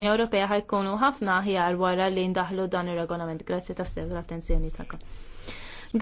Unjoni Ewropea ħajkunu ħafna aħjar wara li ndaħlu dan ir-regolament. Grazzi tas-sew l-attenzjoni tagħkom.